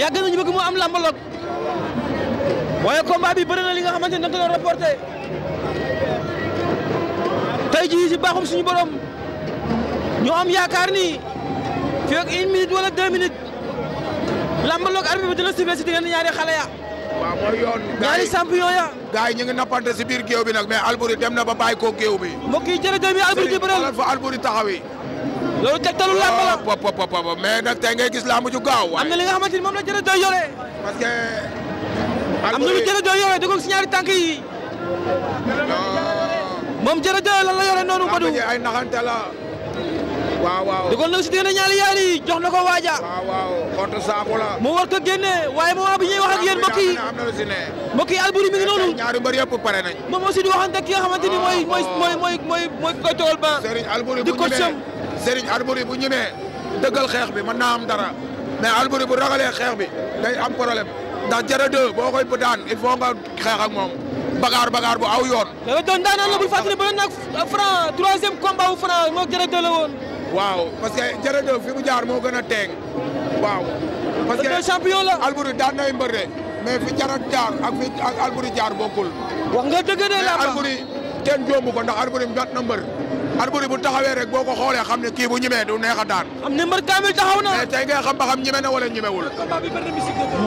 yàgg nañu bëgg mu am lambaloog waaye combat bi bëri na li nga xamante ni dañ ko doon reporté tey jii si baaxum suñu borom ñoo am yaakaar ni fii ak une minute wala deux minutes lambaloog arbitre bi dina sifflé si diggante ñaari xale ya. waaw mooy yoon ñaari champion ya. gars yi nappante si biir bi nag mais Alboury dem na ba ko géew bi. mbokk yi jërëjëf yi Alboury di bëral fa Alboury taxawee. loolu tegtalu làmb la pop pop pop mais nag tey gis làmb ju gaaw am na li nga xamante ni moom la jërë doy yore am na lu jërë doy yore dugg si ñaari tànk yi moom jërë doy lan la yore noonu Badou ay naxante la waaw waaw dugal na si diggante ñaari yaar yi jox na ko waaja waaw waaw xottu saako la mu bi ñuy wax ak yéen mbokk yi mbokk yi Alboury mi ngi noonu ñaari mbër yëpp pare nañ moom aussi di waxante ak ki nga xamante ni mooy mooy mooy mooy mooy koy ba Serigne Alboury di ko sëm Serigne Alboury bu ñemee dëggal xeex bi mën naa am dara mais Alboury bu ragalee xeex bi day am problème ndax Diarra 2 boo koy daan il faut nga xeex ak moom bagaar bagaar bu aw yoon. Diarra 2 daanaan la a fàttali ba nag Franc troisième combat wu Franc moog Diarra la woon. waaw parce que Diarra fi mu jaar moo gën a teeng waaw. parce que champion la Alboury daan nay mbër de mais fi Diarra jaar ak fi ak Alboury jaar bokkul. wax nga dëgg de la Alboury kenn jombu ko ndax Alboury jot na mbër. Alboury bu taxawee rek boo ko xoolee xam ne kii bu ñimee du neex a daan am ne mbër kaamil taxaw na mais tey ngay xam ba xam ñime na wala ñimewul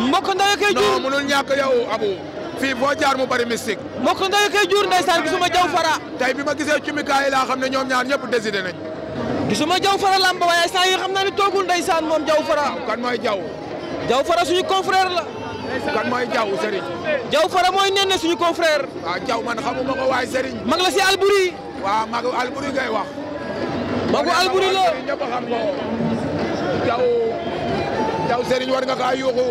mbokk ndaw koy jur non mënul ñàkk yow abu fii boo jaar mu bari mystique mbokk jaw fara tey bi ma gisee cumikaay laa xam ne ñoom ñaar ñëpp décidé nañ gisuma jaw fara lamb waaye saa yi xam naa ne toogul ndeysaan moom jaw fara kan mooy jaw jaw fara suñu confrère la kan mooy Diaw Serigne. Diaw Fara mooy nee na suñu confrère. a ah, Diaw man xamuma ko waaye Serigne. waaw magu Alboury ngay wax. magu Alboury la ñëpp jaw jaw Serigne war nga kaa yuuxu.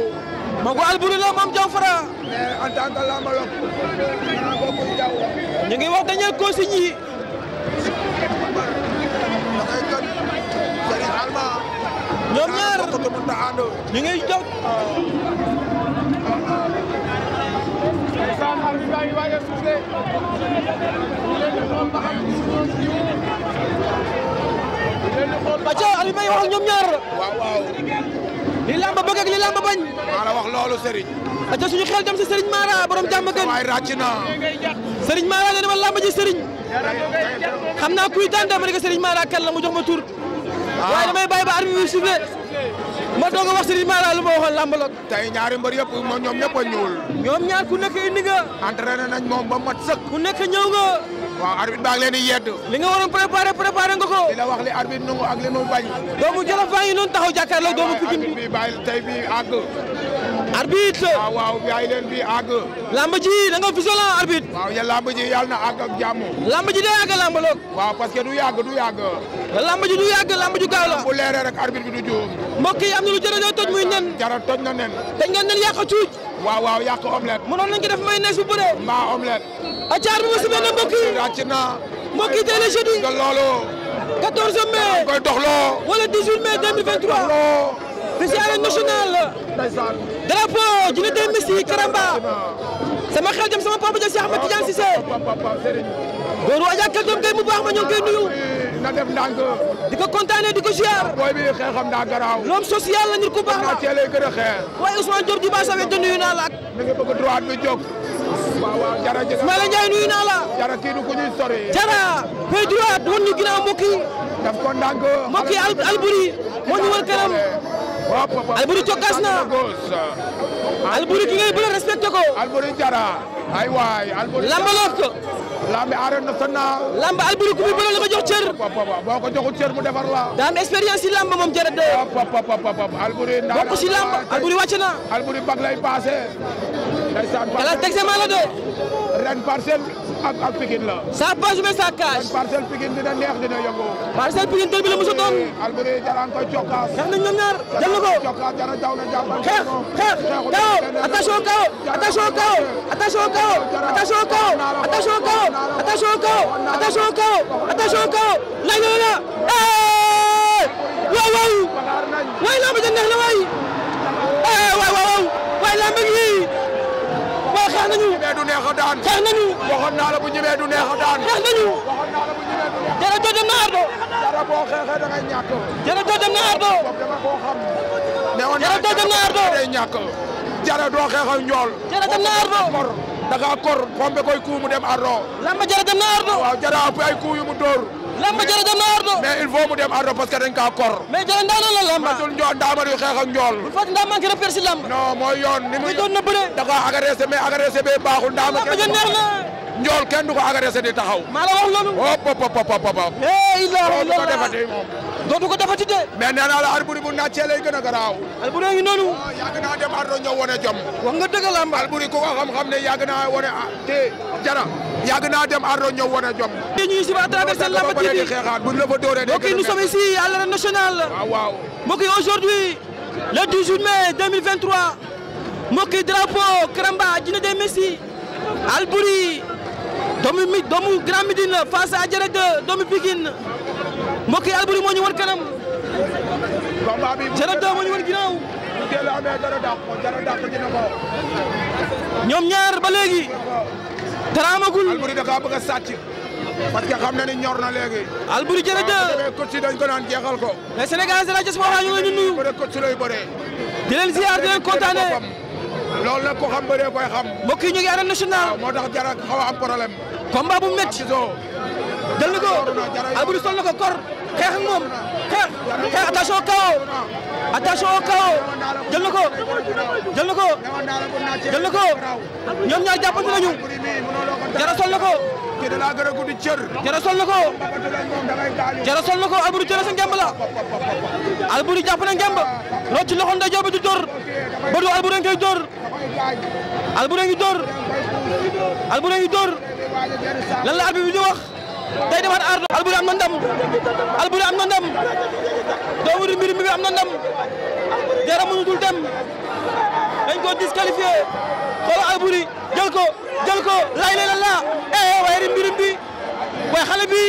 magu Alboury la moom Diaw Fara. mais en tant que lambalok ñu wax dañuy mooy waaj a suuf de ñu wax ñoom ñaar. li làmb bëgg li làmb bañ. maa wax loolu Serigne. acca suñu xel dem si Serigne Mara borom jàmm gën. waay ràcc naa. Serigne Mara nee na ma ji Serigne. xam naa kuy daan dama ne ko Serigne Mara kan la ma tur. Ah. waaye damay bàyyi ba armi bi ma doog a wax Serigne Mara waxoon làmbaloog tey ñaari mbër yëpp ñoom ñëpp a ñuul ñoom ñaar ku nekk indi nga entraîné nañ moom ba mat sëkk ku nekk ñëw nga waaw arbitre baa leen yedd li nga waroon préparé préparé nga ko di la wax li arbitre nangu ak li mu bañ doomu Jolof baa ngi noonu taxaw jàkkaarloo doomu Pikine bi tey bi àgg arbitre waaw waaw yaay leen bi àgg. lamb ji da nga vigilant ah, arbitre. waaw ya lamb ji yàlla na àgg ak jàmm. lamb ji day àgg lamb loog. waaw parce que du yàgg du yàgg. lamb ji du yàgg lamb ju gaaw la. bu leeree rek arbitre bi du juum. mbokk yi am na lu jërëjëf toj muy nen. jara toj na nen. dañ nga nen yàq cuuj. waaw waaw yàq omelette. mënoon nañ ko def mayonnaise bu bëree. mbaa omelette. a caar mu sumee na mbokk yi. ràcc na. mbokk yi tey la jeudi. nga loolu. 14 mai. koy doxloo. wala 18 mai 2023. fii si arène nationale drapeau dina dem Messi Karamba sama xel jëm sama papa ja si Ahmed Tidiane Cissé góoru Adja Kell doom mu baax ma ñoo ngi nuyu. na def ndànk. di ko kontaanee di ko ziar. booy bi xeexam daa garaaw. baax la a gën a xeex. waaye Ousmane Diop di baax sa wet di nuyu naa la ak. mi ngi bëgg droite bi jóg. waaw waaw jara jërëjëf Ismaïla Ndiaye nuyu naa la. jara kii du ku ñuy sori. jara fay droite woon ñu ginnaaw Alboury jokkaas na Alboury ki ngay bëre respecté ko. Alboury jara ay waay Alboury lamba loof ko. lambi lamba Alboury ku muy la nga jox cër. boo ko joxul cër mu defar la. daa am lamba moom jërë de. Alboury ndax bokk si lamba Alboury wàcc na. Alboury bag lay passé. ndeysaan kala teg seen maa la de. ren parcelle. ak ak Pikine la. ça passe mais ça casse. kon parcelle Pikine dina neex dina yëngu. parcelle Pikine dër bi la a nañ ñoom ñaar jël na xeex xeex kaw attention kaw attention kaw attention kaw attention kaw attention kaw attention kaw attention kaw attention kaw lañ la la. neex na waay. xeex nañu ñëmee du neex a daan xeex nañu waxoon naa la bu ñëmee du neex a daan xeex nañu waxoon naa la bu ñëmee du neex jërëjëf dem na ardo dara boo xeexee da ngay ñàkk jërëjëf dem na ardo dama koo xam newoon jërëjëf dem na ardo day ñàkk jara doo xeex ak ñool jërëjëf dem na ardo da ngaa kor pompe koy kuu mu dem ardo lamba jërëjëf dem na ardo waaw jara ay kuu yu mu dóor lamb jërë dem na ardo mais il faut dem ardo parce que dañ kaa kor mais jërë la lamba matul njool ndaama du xeex ak njool il faut ndaama ki repère si lamb non mooy yoon ni mu doon na bëre da ko agressé mais agressé bee baaxul ndaama lamb ja njool kenn du ko di taxaw maa la wax loolu hop hop hop hop eh ilaaha ko defati de mais nee naa la Alboury bu naccee lay a garaaw Alboury ngi noonu oh, yàgg naa dem Ardo ñëw wane jom. ñuy suivre à travers seen la fa dooree mbokk yi nous sommes ici à l'arène nationale. le 18 mai 2023 mbokk yi drapeau Karamba Djiné Dé Messi Albouri doomu mi doomu Grand Médine face à Diarra 2 doomu Pikine mbokk yi Albouri moo ñu wan kanam Diarra 2 ñoom ñaar ba léegi. dara amagul Alboury da kaa bëgg a sàcc xam na ni ñor na léegi. Alboury jërëjëf waaw bu demee coach dañ ko naan jeexal ko. mais Sénégal de la diaspora ñu ngi leen di nuyu. bëre coach lay bëree. di leen ziar di ko xam bëree koy xam. mbokk yi ñu ngi arène national. waaw moo jara xaw a am problème. bu métti. waaw gisoo. jël sol na ko kor. xeex ak moom xeex xeex attention KO attention KO jël na ko jël na ko jël na ko ñoom ñaar jàppante nañu jara na ko jara na ko jara sol na ko Alboury jara sa ngemb la Alboury jàpp na ngemb rocc loxo ndeyjoor bi di dóor bëdu Alboury ngay dóor Alboury ngi dóor Alboury ngi dóor lan la arbitre bi wax day demaat ardo Alboury am na ndam Alboury am na ndam doomu di mbirum bi am na ndam dara mënutul dem dañ ko disqualifié xoolal Alboury jël ko jël ko lay lay la laa eh waaye di mbirum xale bi